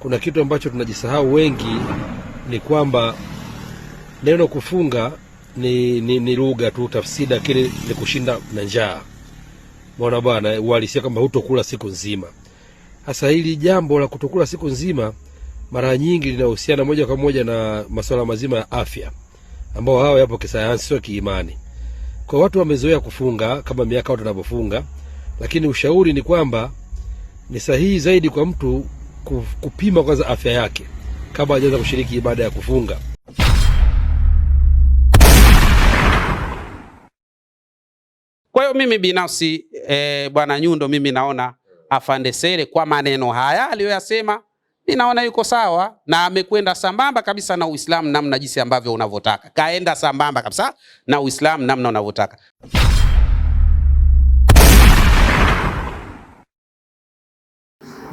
kuna kitu ambacho tunajisahau wengi, ni kwamba neno kufunga ni, ni, ni lugha tu tafsiri, lakini ni kushinda na njaa. mwana bwana, uhalisia kwamba hutokula siku nzima. hasa hili jambo la kutokula siku nzima mara nyingi linahusiana moja kwa moja na masuala mazima ya afya ambao hawa yapo kisayansi, sio kiimani. Kwa watu wamezoea kufunga kama miaka watu wanavyofunga, lakini ushauri ni kwamba ni sahihi zaidi kwa mtu kupima kwanza afya yake kabla hajaanza kushiriki ibada ya kufunga. Kwa hiyo mimi binafsi e, bwana Nyundo, mimi naona Afande Sele kwa maneno haya aliyoyasema, ninaona yuko sawa na amekwenda sambamba kabisa na Uislamu namna jinsi ambavyo unavyotaka, kaenda sambamba kabisa na Uislamu namna unavyotaka.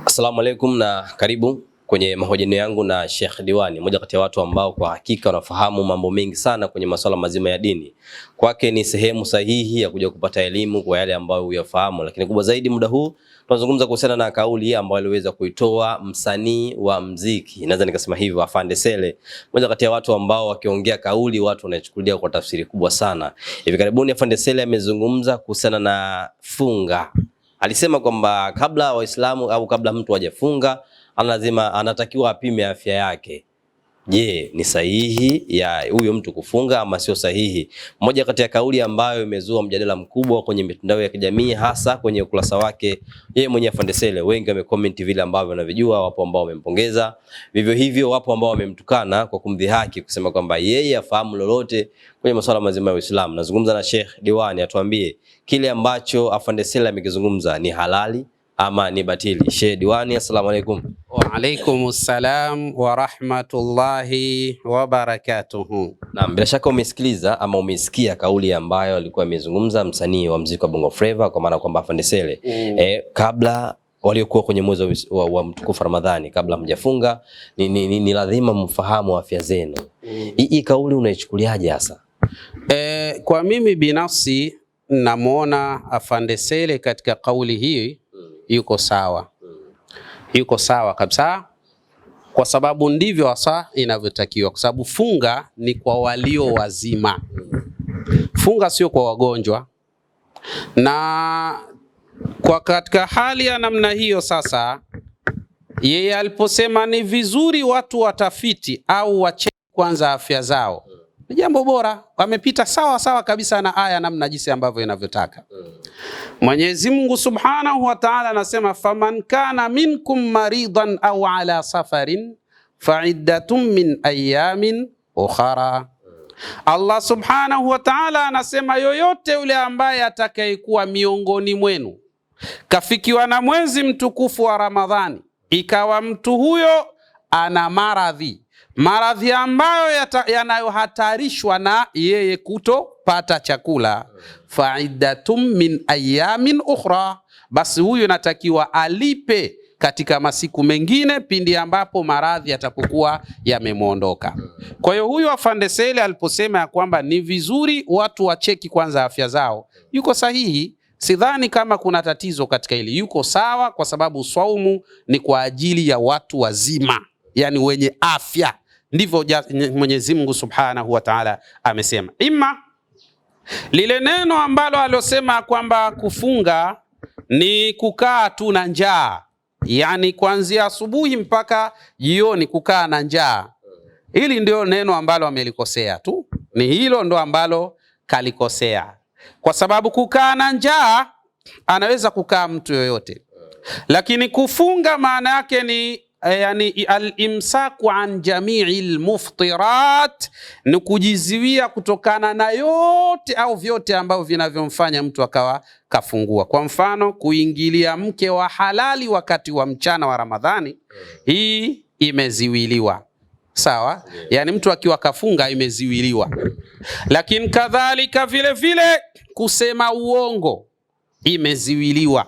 Asalamu alaikum na karibu kwenye mahojiano yangu na Sheikh Diwani, mmoja kati ya watu ambao kwa hakika wanafahamu mambo mengi sana kwenye masuala mazima ya dini. Kwake ni sehemu sahihi ya kuja kupata elimu kwa yale ambayo huyafahamu, lakini kubwa zaidi, muda huu tunazungumza kuhusiana na kauli ambayo aliweza kuitoa msanii wa mziki, naweza nikasema hivyo, Afande Sele, mmoja kati ya watu ambao wakiongea kauli watu wanachukulia kwa tafsiri kubwa sana. Hivi karibuni Afande Sele amezungumza kuhusiana na funga Alisema kwamba kabla Waislamu au kabla mtu hajafunga, lazima anatakiwa apime afya yake Je, ni sahihi ya huyo mtu kufunga ama sio sahihi? Moja kati ya kauli ambayo imezua mjadala mkubwa kwenye mitandao ya kijamii hasa kwenye ukurasa wake yeye mwenye Afande Sele. Wengi wamecomment vile ambavyo wanavijua, wapo ambao wamempongeza, vivyo hivyo wapo ambao wamemtukana kwa kumdhihaki, kusema kwamba yeye afahamu lolote kwenye masuala mazima ya Uislamu. Nazungumza na Sheikh Diwani atuambie kile ambacho Afande Sele amekizungumza ni halali ama ni batili? Sheikh Diwani, assalamu alaykum. Wa alaykum salam wa rahmatullahi wa barakatuh. Naam, bila shaka umesikiliza ama umesikia kauli ambayo alikuwa amezungumza msanii wa muziki wa Bongo Flava kwa maana kwamba Afande Sele mm. eh, kabla waliokuwa kwenye mwezi wa, wa mtukufu Ramadhani kabla mjafunga ni, ni, ni, ni lazima mfahamu afya zenu. Mm. Hii kauli unaichukuliaje hasa? E, kwa mimi binafsi namwona Afande Sele katika kauli hii yuko sawa, yuko sawa kabisa, kwa sababu ndivyo hasa inavyotakiwa, kwa sababu funga ni kwa walio wazima, funga sio kwa wagonjwa. Na kwa katika hali ya namna hiyo sasa, yeye aliposema ni vizuri watu watafiti au wacheki kwanza afya zao ni jambo bora. Wamepita sawa sawa kabisa na aya namna jinsi ambavyo inavyotaka. Mwenyezi Mungu Subhanahu wa Ta'ala anasema faman kana minkum maridan au ala safarin faiddatun min ayamin ukhara. Allah Subhanahu wa Ta'ala anasema yoyote yule ambaye atakayekuwa miongoni mwenu kafikiwa na mwezi mtukufu wa Ramadhani, ikawa mtu huyo ana maradhi maradhi ambayo yanayohatarishwa na yeye kutopata chakula, faiddatu min ayamin ukhra, basi huyu natakiwa alipe katika masiku mengine pindi ambapo maradhi yatapokuwa yamemwondoka. Kwa hiyo huyu afande Sele aliposema ya kwamba ni vizuri watu wacheki kwanza afya zao, yuko sahihi. Sidhani kama kuna tatizo katika hili, yuko sawa, kwa sababu swaumu ni kwa ajili ya watu wazima, yani wenye afya. Ndivyo Mwenyezi Mungu Subhanahu wa Ta'ala amesema. Ima lile neno ambalo alosema kwamba kufunga ni kukaa tu na njaa, yani kuanzia asubuhi mpaka jioni kukaa na njaa. Hili ndio neno ambalo amelikosea tu, ni hilo ndo ambalo kalikosea, kwa sababu kukaa na njaa anaweza kukaa mtu yoyote, lakini kufunga maana yake ni Eh, yani alimsaku an jamii lmuftirat ni kujiziwia kutokana na yote au vyote ambavyo vinavyomfanya mtu akawa kafungua. Kwa mfano, kuingilia mke wa halali wakati wa mchana wa Ramadhani, hii imeziwiliwa sawa, yani mtu akiwa kafunga imeziwiliwa. Lakini kadhalika vile vile kusema uongo imeziwiliwa,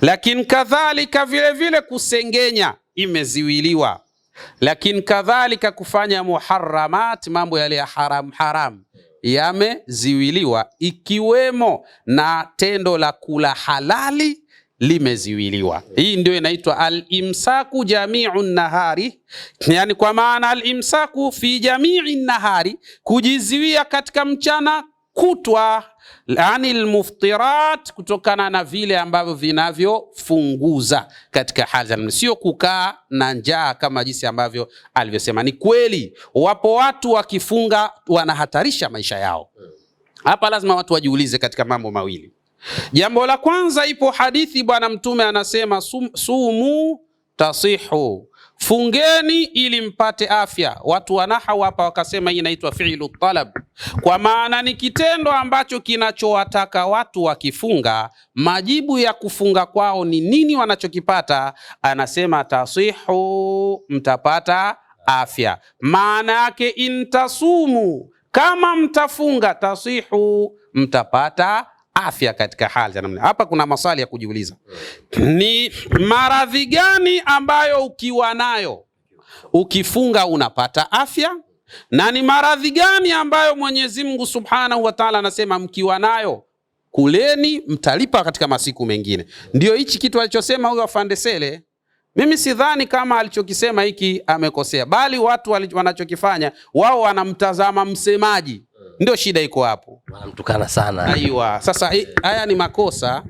lakini kadhalika vile vile kusengenya imeziwiliwa. Lakini kadhalika kufanya muharamat, mambo yale ya haram haram yameziwiliwa, ikiwemo na tendo la kula halali limeziwiliwa. Hii ndio inaitwa alimsaku jamiu nahari, yani kwa maana alimsaku fi jamii nahari, kujiziwia katika mchana kutwa anil muftirat, kutokana na vile ambavyo vinavyofunguza katika hali, sio kukaa na njaa kama jinsi ambavyo alivyosema. Ni kweli wapo watu wakifunga wanahatarisha maisha yao. Hapa lazima watu wajiulize katika mambo mawili. Jambo la kwanza, ipo hadithi Bwana Mtume anasema, sumu tasihu Fungeni ili mpate afya. Watu wa nahau hapa wakasema hii inaitwa fiilu talab, kwa maana ni kitendo ambacho kinachowataka watu wakifunga, majibu ya kufunga kwao ni nini wanachokipata? Anasema tasihu, mtapata afya. Maana yake intasumu, kama mtafunga, tasihu, mtapata afya katika hali ya namna. Hapa kuna maswali ya kujiuliza, ni maradhi gani ambayo ukiwa nayo ukifunga unapata afya, na ni maradhi gani ambayo Mwenyezi Mungu Subhanahu wa Ta'ala anasema mkiwa nayo kuleni mtalipa katika masiku mengine. Ndio hichi kitu alichosema huyo afande Sele. Mimi sidhani kama alichokisema hiki amekosea, bali watu wanachokifanya wao wanamtazama msemaji ndio shida iko hapo, wanamtukana sana. Aiwa, sasa eh, haya ni makosa,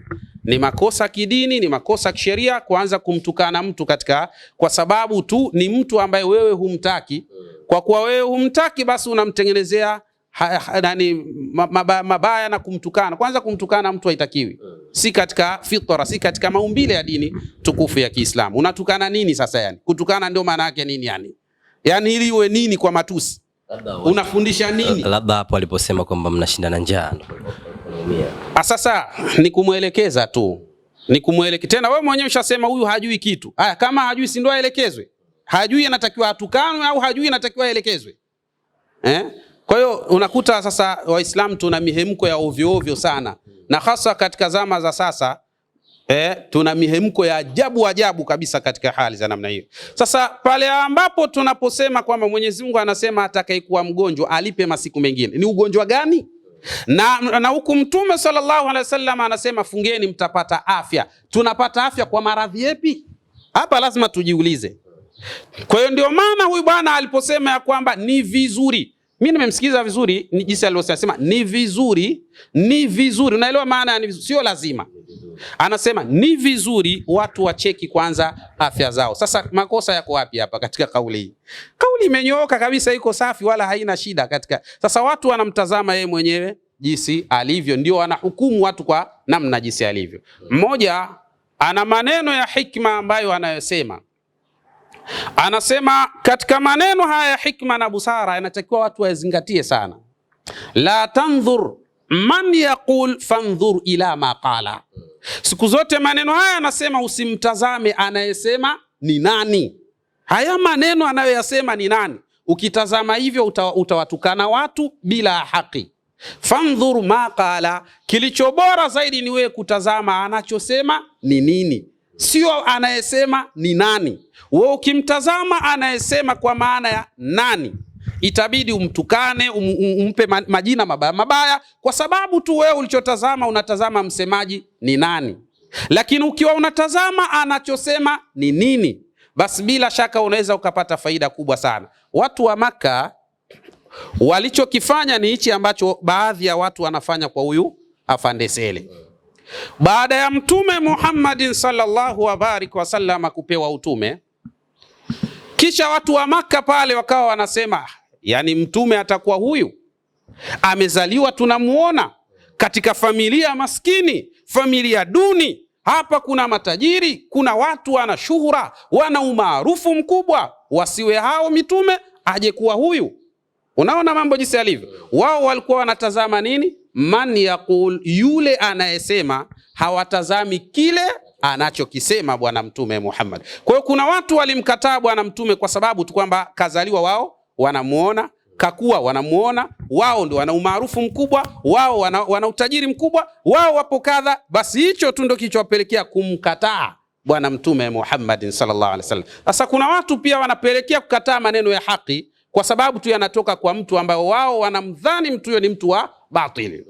ni makosa kidini, ni makosa kisheria kuanza kumtukana mtu katika, kwa sababu tu ni mtu ambaye wewe humtaki. Kwa kuwa wewe humtaki, basi unamtengenezea nani mabaya, mabaya na kumtukana. Kwanza kumtukana mtu haitakiwi, si katika fitra, si katika maumbile ya dini tukufu ya Kiislamu. Unatukana nini sasa? Yani kutukana ndio maana yake nini? Yani yani ili nini kwa matusi unafundisha nini? Labda hapo aliposema kwamba mnashindana njaa. Sasa ni kumwelekeza tu, ni kumwelekeza tena. Wewe mwenyewe ushasema huyu hajui kitu. aya kama hajui, si ndio aelekezwe? Hajui anatakiwa atukanwe au hajui anatakiwa aelekezwe eh? Kwa hiyo unakuta sasa Waislamu tuna mihemko ya ovyo ovyo sana, na hasa katika zama za sasa Eh, tuna mihemko ya ajabu ajabu kabisa katika hali za namna hiyo. Sasa pale ambapo tunaposema kwamba Mwenyezi Mungu anasema atakayekuwa mgonjwa alipe masiku mengine, ni ugonjwa gani? Na na huku Mtume sallallahu alaihi wasallam anasema fungeni mtapata afya. Tunapata afya kwa maradhi yapi? Hapa lazima tujiulize. Kwa hiyo ndio maana huyu bwana aliposema ya kwamba ni vizuri mimi nimemsikiza vizuri ni jinsi alivyosema ni vizuri, ni vizuri. Unaelewa maana ya sio lazima. Anasema ni vizuri watu wacheki kwanza afya zao. Sasa makosa yako wapi hapa katika kauli hii? Kauli imenyooka kabisa, iko safi wala haina shida katika. Sasa watu wanamtazama yeye mwenyewe jinsi alivyo, ndio wanahukumu watu kwa namna jinsi alivyo. Mmoja ana maneno ya hikma ambayo anayosema Anasema katika maneno haya ya hikma na busara yanatakiwa watu wayazingatie sana. La tandhur man yaqul fandhur ila ma qala. Siku zote maneno haya anasema usimtazame anayesema ni nani. Haya maneno anayoyasema ni nani? Ukitazama hivyo utawatukana watu bila haki. Fandhur ma qala, kilicho bora zaidi ni wewe kutazama anachosema ni nini sio anayesema ni nani. Wewe ukimtazama anayesema kwa maana ya nani, itabidi umtukane, um, um umpe majina mabaya mabaya, kwa sababu tu wewe ulichotazama unatazama msemaji ni nani. Lakini ukiwa unatazama anachosema ni nini, basi bila shaka unaweza ukapata faida kubwa sana. Watu wa Maka walichokifanya ni hichi ambacho baadhi ya watu wanafanya kwa huyu afandesele. Baada ya Mtume Muhammadin sallallahu wabariki wasallama kupewa utume, kisha watu wa Makka pale wakawa wanasema, yani mtume atakuwa huyu amezaliwa, tunamuona katika familia maskini, familia duni. Hapa kuna matajiri, kuna watu wana shuhura, wana umaarufu mkubwa, wasiwe hao mitume, aje kuwa huyu? Unaona mambo jinsi yalivyo. Wao walikuwa wanatazama nini? man yaqul, yule anayesema hawatazami kile anachokisema Bwana Mtume Muhammad. Kwa hiyo kuna watu walimkataa Bwana Mtume kwa sababu tu kwamba kazaliwa wao wanamuona kakuwa wanamuona wao ndo wana umaarufu mkubwa wao wana, wana utajiri mkubwa wao wapo kadha. Basi hicho tu ndo kilichowapelekea kumkataa Bwana Mtume Muhammad sallallahu alaihi wasallam. Sasa kuna watu pia wanapelekea kukataa maneno ya haki kwa sababu tu yanatoka kwa mtu ambao wao wanamdhani mtu huyo ni mtu wa batili.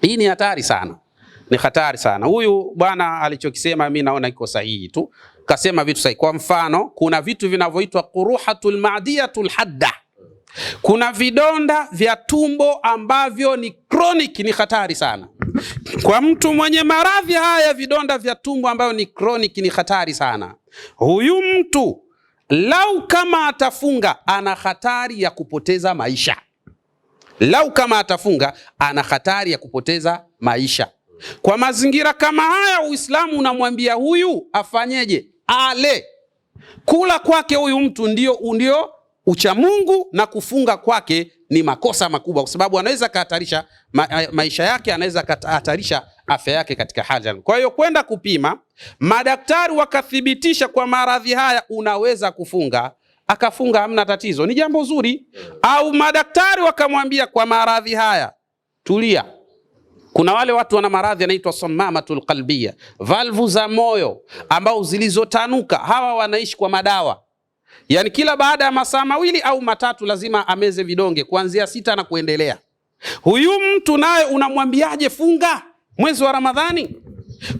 Hii ni hatari sana, ni hatari sana. Huyu bwana alichokisema mimi naona iko sahihi tu, kasema vitu sahihi. Kwa mfano, kuna vitu vinavyoitwa quruhatul madiyatul hadda, kuna vidonda vya tumbo ambavyo ni chronic, ni hatari sana kwa mtu mwenye maradhi haya. Vidonda vya tumbo ambayo ni chronic ni hatari sana. Huyu mtu lau kama atafunga, ana hatari ya kupoteza maisha. Lau kama atafunga, ana hatari ya kupoteza maisha. Kwa mazingira kama haya, Uislamu unamwambia huyu afanyeje? Ale. Kula kwake huyu mtu ndio ndio uchamungu na kufunga kwake ni makosa makubwa, kwa sababu anaweza kahatarisha ma eh, maisha yake, anaweza kahatarisha afya yake katika hali. Kwa hiyo kwenda kupima, madaktari wakathibitisha kwa maradhi haya unaweza kufunga akafunga, hamna tatizo, ni jambo zuri. Au madaktari wakamwambia kwa maradhi haya tulia. Kuna wale watu wana maradhi yanaitwa samamatul qalbia, valvu za moyo ambao zilizotanuka, hawa wanaishi kwa madawa yani kila baada ya masaa mawili au matatu lazima ameze vidonge kuanzia sita na kuendelea. Huyu mtu naye unamwambiaje funga mwezi wa Ramadhani?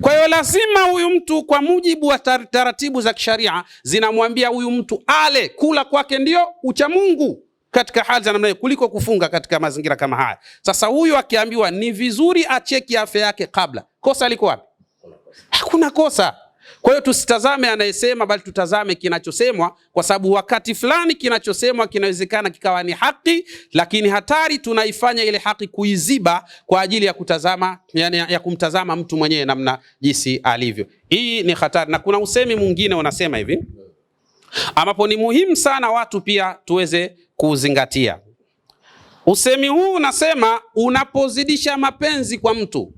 Kwa hiyo lazima huyu mtu kwa mujibu wa tar taratibu za kisharia zinamwambia huyu mtu ale, kula kwake ndio ucha Mungu katika hali za namna hiyo kuliko kufunga katika mazingira kama haya. Sasa huyu akiambiwa ni vizuri acheki afya yake kabla, kosa liko wapi? Hakuna kosa. Kwa hiyo tusitazame anayesema, bali tutazame kinachosemwa, kwa sababu wakati fulani kinachosemwa kinawezekana kikawa ni haki, lakini hatari tunaifanya ile haki kuiziba kwa ajili ya kutazama, yani ya kumtazama mtu mwenyewe namna jinsi alivyo. Hii ni hatari, na kuna usemi mwingine unasema hivi ambapo ni muhimu sana watu pia tuweze kuzingatia. Usemi huu unasema, unapozidisha mapenzi kwa mtu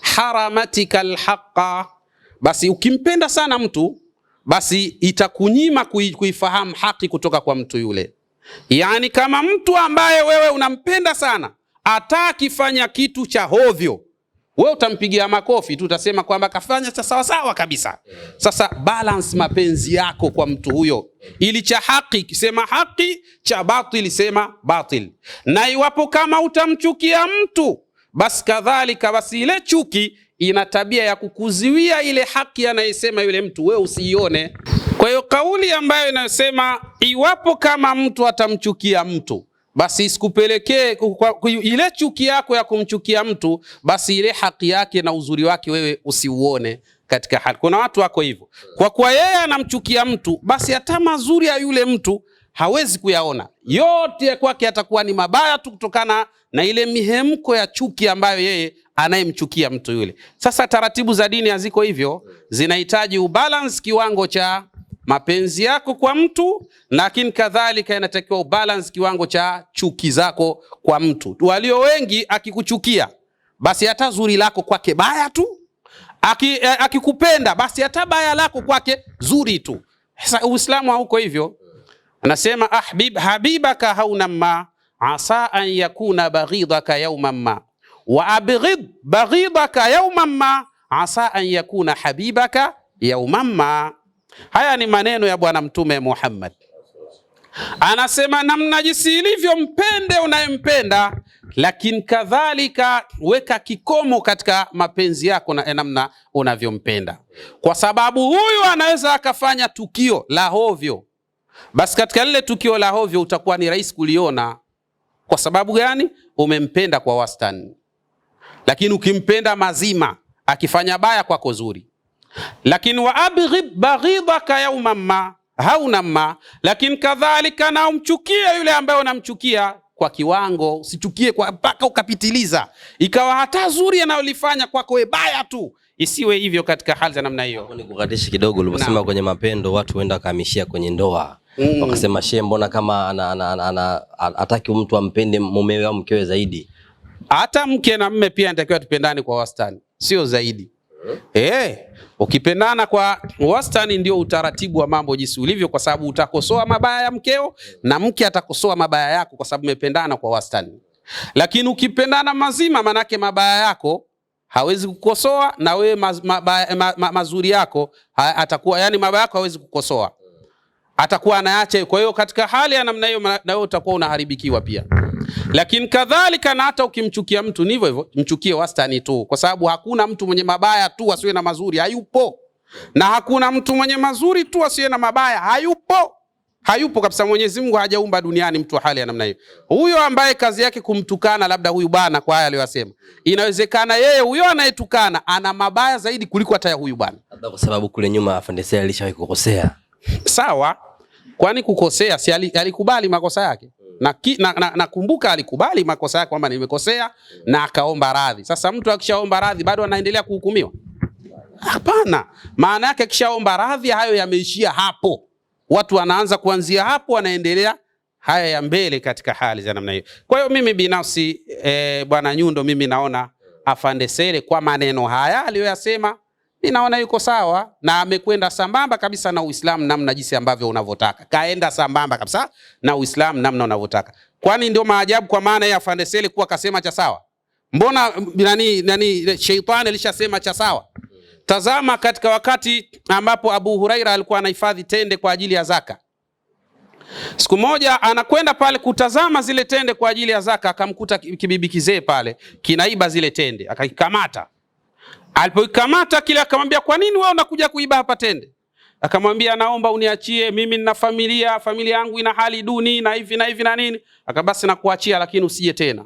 haramatikal haqa basi ukimpenda sana mtu, basi itakunyima kuifahamu haki kutoka kwa mtu yule. Yaani, kama mtu ambaye wewe unampenda sana atakifanya kitu cha hovyo, we utampigia makofi tu, utasema kwamba kafanya cha sawasawa kabisa. Sasa balance mapenzi yako kwa mtu huyo, ili cha haki kisema haki, cha batili sema batili. Na iwapo kama utamchukia mtu basi kadhalika, basi ile chuki ina tabia ya kukuziwia ile haki anayesema yule mtu, wewe usiione. Kwa hiyo kauli ambayo inasema iwapo kama mtu atamchukia mtu basi isikupelekee ile chuki yako ya kumchukia mtu, basi ile haki yake na uzuri wake wewe usiuone katika hali. Kuna watu wako hivyo, kwa kuwa yeye anamchukia mtu, basi hata mazuri ya yule mtu hawezi kuyaona yote ya kwake, yatakuwa ni mabaya tu kutokana na ile mihemko ya chuki ambayo yeye anayemchukia mtu yule. Sasa taratibu za dini haziko hivyo, zinahitaji ubalance kiwango cha mapenzi yako kwa mtu, lakini kadhalika inatakiwa ubalance kiwango cha chuki zako kwa mtu. Walio wengi akikuchukia, basi hata zuri lako kwake baya tu, eh, akikupenda aki basi hata baya lako kwake zuri tu. Sasa Uislamu hauko hivyo. Anasema ahbib habibaka hauna ma asa an yakuna baghidaka yawman ma wa abghid baghidaka yawman ma asa an yakuna habibaka yawman ma. Haya ni maneno ya Bwana Mtume Muhammad, anasema namna jinsi ilivyo, mpende unayempenda, lakini kadhalika weka kikomo katika mapenzi yako na namna unavyompenda, kwa sababu huyu anaweza akafanya tukio la hovyo basi katika lile tukio la hovyo utakuwa ni rahisi kuliona. Kwa sababu gani? Umempenda kwa wastani. Lakini ukimpenda mazima, akifanya baya kwako zuri. Lakini wa abghib baghidaka yauman ma hauna ma, lakini kadhalika na umchukie yule ambaye unamchukia kwa kiwango, usichukie kwa mpaka ukapitiliza, ikawa hata zuri analolifanya kwako wewe baya tu, isiwe hivyo. Katika hali za namna hiyo, nikukatishe kidogo, uliposema kwenye mapendo watu huenda wakahamishia kwenye ndoa mm. Wakasema she, mbona kama ana ataki mtu ampende mumewe au mkewe zaidi. Hata mke na mme pia anatakiwa tupendane kwa wastani, sio zaidi mm. Eh, ukipendana kwa wastani ndio utaratibu wa mambo jinsi ulivyo, kwa sababu utakosoa mabaya ya mkeo na mke atakosoa mabaya yako, kwa sababu mmependana kwa wastani. Lakini ukipendana mazima, manake mabaya yako hawezi kukosoa na wewe mabaya, ma, ma, mazuri yako ha, atakuwa yani mabaya yako hawezi kukosoa atakuwa anaacha. Kwa hiyo katika hali ya namna hiyo, na wewe utakuwa unaharibikiwa pia. Lakini kadhalika na hata ukimchukia mtu ni hivyo hivyo, mchukie wastani tu, kwa sababu hakuna mtu mwenye mabaya tu asiwe na mazuri, hayupo. Na hakuna mtu mwenye mazuri tu asiwe na mabaya, hayupo hayupo kabisa. Mwenyezi Mungu hajaumba duniani mtu wa hali ya namna hiyo. Huyo ambaye kazi yake kumtukana labda huyu bwana kwa haya aliyosema, inawezekana yeye huyo anayetukana ana mabaya zaidi kuliko hata huyu bwana, kwa sababu kule nyuma afande alishawahi kukosea. Sawa. Kwani kukosea si alikubali makosa yake? Hmm. Nakumbuka na, na, na alikubali makosa yake kwamba nimekosea hmm. na akaomba radhi. Sasa mtu akishaomba radhi bado anaendelea kuhukumiwa? Hapana. Maana yake akishaomba radhi hayo yameishia hapo. Watu wanaanza kuanzia hapo wanaendelea haya ya mbele katika hali za namna hiyo. Kwa hiyo mimi binafsi e, Bwana Nyundo, mimi naona hmm. Afande Sele kwa maneno haya aliyoyasema mimi naona yuko sawa na amekwenda sambamba kabisa na Uislamu namna jinsi ambavyo unavyotaka. Kaenda sambamba kabisa na Uislamu namna unavyotaka. Kwani ndio maajabu kwa maana ya Fandeseli kuwa kasema cha sawa? Mbona nani nani sheitani alishasema cha sawa? Tazama katika wakati ambapo Abu Huraira alikuwa anahifadhi tende kwa ajili ya zaka. Siku moja anakwenda pale kutazama zile tende kwa ajili ya zaka, akamkuta kibibi kizee pale kinaiba zile tende, akaikamata Alipoikamata kile akamwambia, kwa nini wewe unakuja kuiba hapa Tende? Akamwambia, naomba uniachie mimi, nina familia, familia yangu ina hali duni na hivi na hivi na nini. Akabasi nakuachia, lakini usije tena.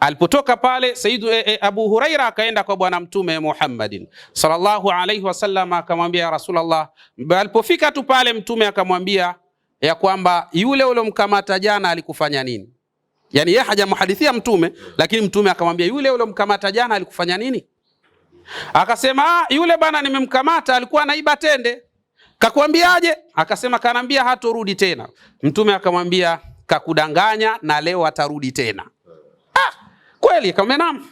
Alipotoka pale Sayyidu e, eh, e, eh, Abu Huraira akaenda kwa Bwana Mtume Muhammadin sallallahu alaihi wasallam, akamwambia Rasulullah. Alipofika tu pale Mtume akamwambia ya kwamba yule ulomkamata jana alikufanya nini? Yani yeye hajamhadithia Mtume, lakini Mtume akamwambia yule ulomkamata jana alikufanya nini? Akasema ah, yule bana nimemkamata alikuwa anaiba tende. Kakwambiaje? Akasema kanaambia hatorudi tena. Mtume akamwambia kakudanganya na leo atarudi tena. Ah, kweli akamwambia naam.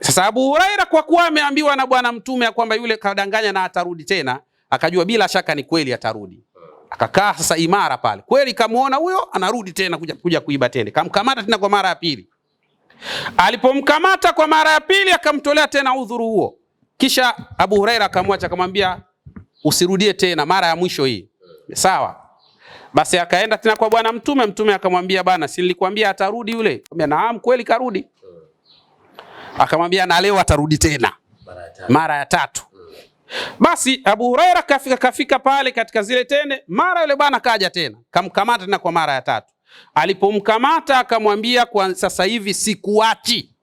Sasa Abu Huraira kwa kuwa ameambiwa na bwana mtume ya kwamba yule kadanganya na atarudi tena, akajua bila shaka ni kweli atarudi. Akakaa sasa imara pale. Kweli kamuona huyo anarudi tena kuja, kuja kuiba tende. Kamkamata tena kwa mara ya pili. Alipomkamata kwa mara ya pili akamtolea tena udhuru huo, kisha Abu Huraira akamwacha, akamwambia usirudie tena, mara ya mwisho hii sawa. Basi akaenda tena kwa bwana Mtume. Mtume akamwambia bana, si nilikwambia atarudi yule? Akamwambia naam, kweli karudi. Akamwambia na leo atarudi tena mara ya tatu. Basi Abu Huraira kafika, kafika pale katika zile tende, mara yule bwana kaja tena, kamkamata tena kwa mara ya tatu. Alipomkamata akamwambia, kwa sasa hivi sikuachi,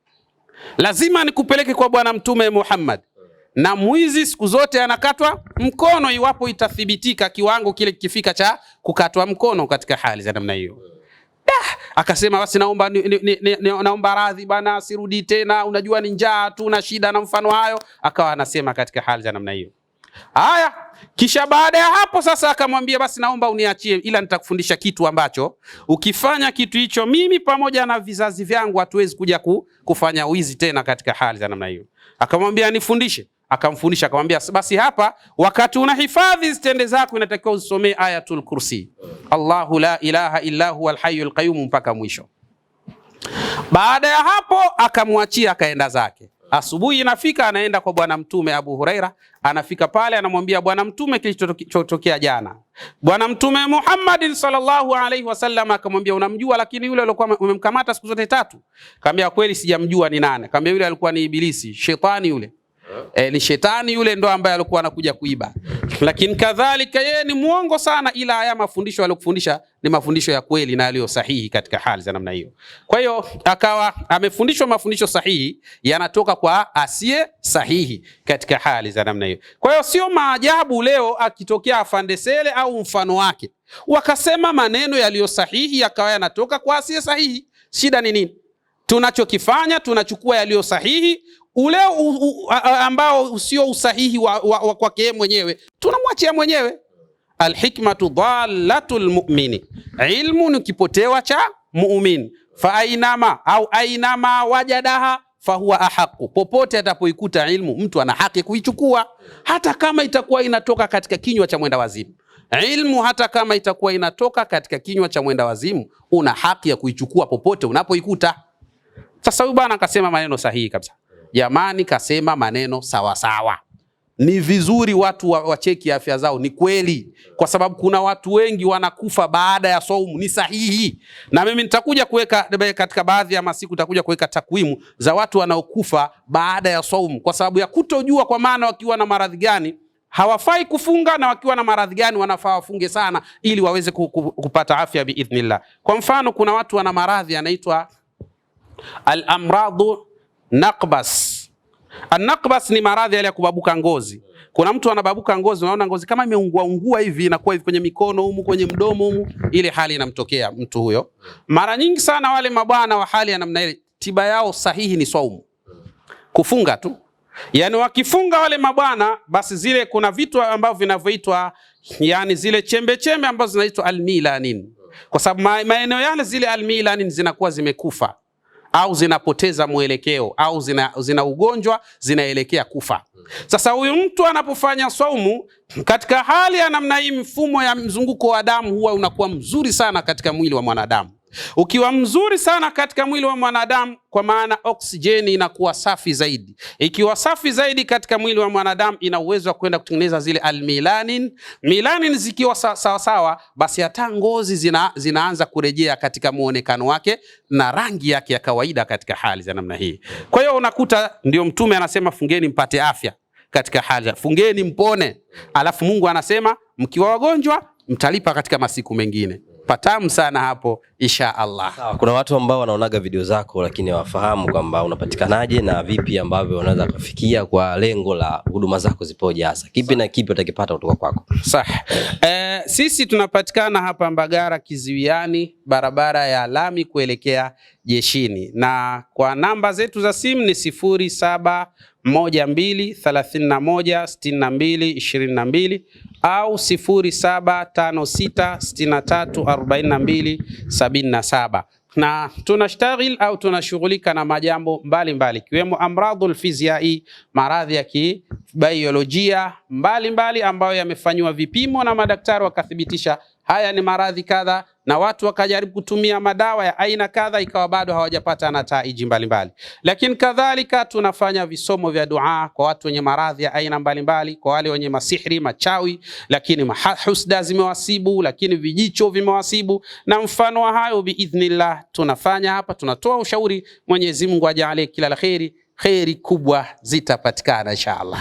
lazima nikupeleke kwa Bwana Mtume Muhammad. Na mwizi siku zote anakatwa mkono iwapo itathibitika kiwango kile kikifika cha kukatwa mkono katika hali za namna hiyo. Akasema basi, naomba ni, ni, ni, naomba radhi bana, sirudi tena, unajua ni njaa tu na shida na mfano hayo. Akawa anasema katika hali za namna hiyo, haya kisha baada ya hapo sasa akamwambia basi, naomba uniachie, ila nitakufundisha kitu ambacho ukifanya kitu hicho, mimi pamoja na vizazi vyangu hatuwezi kuja ku, kufanya wizi tena katika hali za namna hiyo. Akamwambia nifundishe, akamfundisha, akamwambia basi, hapa wakati una hifadhi zitende zako inatakiwa uzisomee Ayatul Kursi, Allahu la ilaha illa huwa alhayyul qayyum mpaka mwisho. Baada ya hapo akamwachia, akaenda zake. Asubuhi inafika anaenda kwa bwana mtume Abu Huraira, anafika pale anamwambia bwana mtume kilichotokea jana. Bwana mtume Muhammadin sallallahu alaihi wasallam akamwambia, unamjua lakini yule aliyokuwa umemkamata siku zote tatu? Kaambia kweli, sijamjua ni nani. Kaambia yule alikuwa ni Ibilisi, shetani yule E, ni shetani yule ndo ambaye alikuwa anakuja kuiba. Lakini kadhalika yeye ni mwongo sana, ila haya mafundisho aliyokufundisha ni mafundisho ya kweli na yaliyo sahihi katika hali za namna hiyo. Kwa hiyo akawa amefundishwa mafundisho sahihi yanatoka kwa asiye sahihi katika hali za namna hiyo. Kwa hiyo sio maajabu leo akitokea afande Sele au mfano wake wakasema maneno yaliyo sahihi yakawa yanatoka kwa asiye sahihi. Shida ni nini? Tunachokifanya tunachukua yaliyo sahihi ule u, u, a, ambao usio usahihi wa, wa, wa kwake yeye mwenyewe tunamwachia mwenyewe. Alhikmatu dhalatu lmumini, ilmu ni kipotewa cha muumini. Fa ainama au ainama wajadaha fahuwa ahaqu, popote atapoikuta ilmu mtu ana haki kuichukua, hata kama itakuwa inatoka katika kinywa cha mwenda wazimu. Ilmu hata kama itakuwa inatoka katika kinywa cha mwenda wazimu, una haki ya kuichukua popote unapoikuta. Sasa huyu bwana akasema maneno sahihi kabisa jamani, kasema maneno sawasawa. Ni vizuri watu wacheki afya zao, ni kweli, kwa sababu kuna watu wengi wanakufa baada ya saumu. Ni sahihi, na mimi nitakuja kuweka katika baadhi ya masiku, nitakuja kuweka takwimu za watu wanaokufa baada ya saumu kwa sababu ya kutojua, kwa maana wakiwa na maradhi gani hawafai kufunga na wakiwa na maradhi gani wanafaa wafunge sana, ili waweze kupata afya biidhnillah. Kwa mfano, kuna watu wana maradhi yanaitwa al-amradu naqbas Anakbas ni maradhi yale ya kubabuka ngozi. Kuna mtu anababuka ngozi, unaona ngozi kama imeungua ungua hivi, inakuwa hivi kwenye mikono humu, kwenye mdomo humu, ile hali inamtokea mtu huyo. Mara nyingi sana wale mabwana wa hali ya namna ile, tiba yao sahihi ni saumu, kufunga tu. Yaani wakifunga wale mabwana, basi zile kuna vitu ambavyo vinavyoitwa yani zile chembe chembe ambazo zinaitwa almilanin, kwa sababu maeneo yale zile almilanin zinakuwa zimekufa au zinapoteza mwelekeo au zina, zina ugonjwa zinaelekea kufa. Sasa huyu mtu anapofanya saumu katika hali ya namna hii, mfumo ya mzunguko wa damu huwa unakuwa mzuri sana katika mwili wa mwanadamu. Ukiwa mzuri sana katika mwili wa mwanadamu, kwa maana oksijeni inakuwa safi zaidi. Ikiwa safi zaidi katika mwili wa mwanadamu, ina uwezo wa kwenda kutengeneza zile almilanin. Milanin zikiwa sawasawa sawa, basi hata ngozi zina, zinaanza kurejea katika muonekano wake na rangi yake ya kawaida katika hali za namna hii. Kwa hiyo unakuta ndio Mtume anasema fungeni mpate afya katika hali, fungeni mpone, alafu Mungu anasema mkiwa wagonjwa mtalipa katika masiku mengine patamu sana hapo insha Allah. Sawa, kuna watu ambao wanaonaga video zako lakini hawafahamu kwamba unapatikanaje na vipi ambavyo wanaweza kufikia kwa lengo la huduma zako zipoje hasa kipi Sawa. na kipi utakipata kutoka kwako? Sawa. Eh, sisi tunapatikana hapa Mbagara Kiziwiani, barabara ya lami kuelekea jeshini, na kwa namba zetu za simu ni sifuri saba moja mbili thelathini na moja sitini na mbili ishirini na mbili au sifuri saba tano sita sitini na tatu arobaini na mbili sabini na saba na tunashtaghil au tunashughulika na majambo mbalimbali ikiwemo amradhul fiziai, maradhi ya kibiolojia mbalimbali ambayo yamefanyiwa vipimo na madaktari wakathibitisha haya ni maradhi kadha, na watu wakajaribu kutumia madawa ya aina kadha, ikawa bado hawajapata nataiji mbalimbali. Lakini kadhalika tunafanya visomo vya dua kwa watu wenye maradhi ya aina mbalimbali, kwa wale wenye masihri machawi, lakini husda zimewasibu, lakini vijicho vimewasibu na mfano wa hayo. Biidhnillah tunafanya hapa, tunatoa ushauri. Mwenyezi Mungu ajalie kila la kheri, kheri kubwa zitapatikana inshallah.